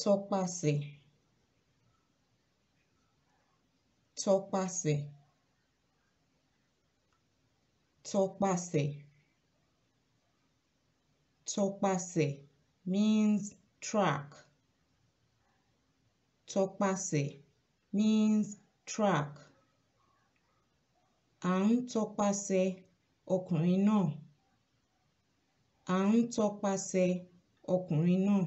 tọpasẹ̀ tọpasẹ̀ tọpasẹ̀ tọpasẹ̀ means track tọpasẹ̀ means track à ń tọpasẹ̀ ọkùnrin náà à ń tọpasẹ̀ ọkùnrin náà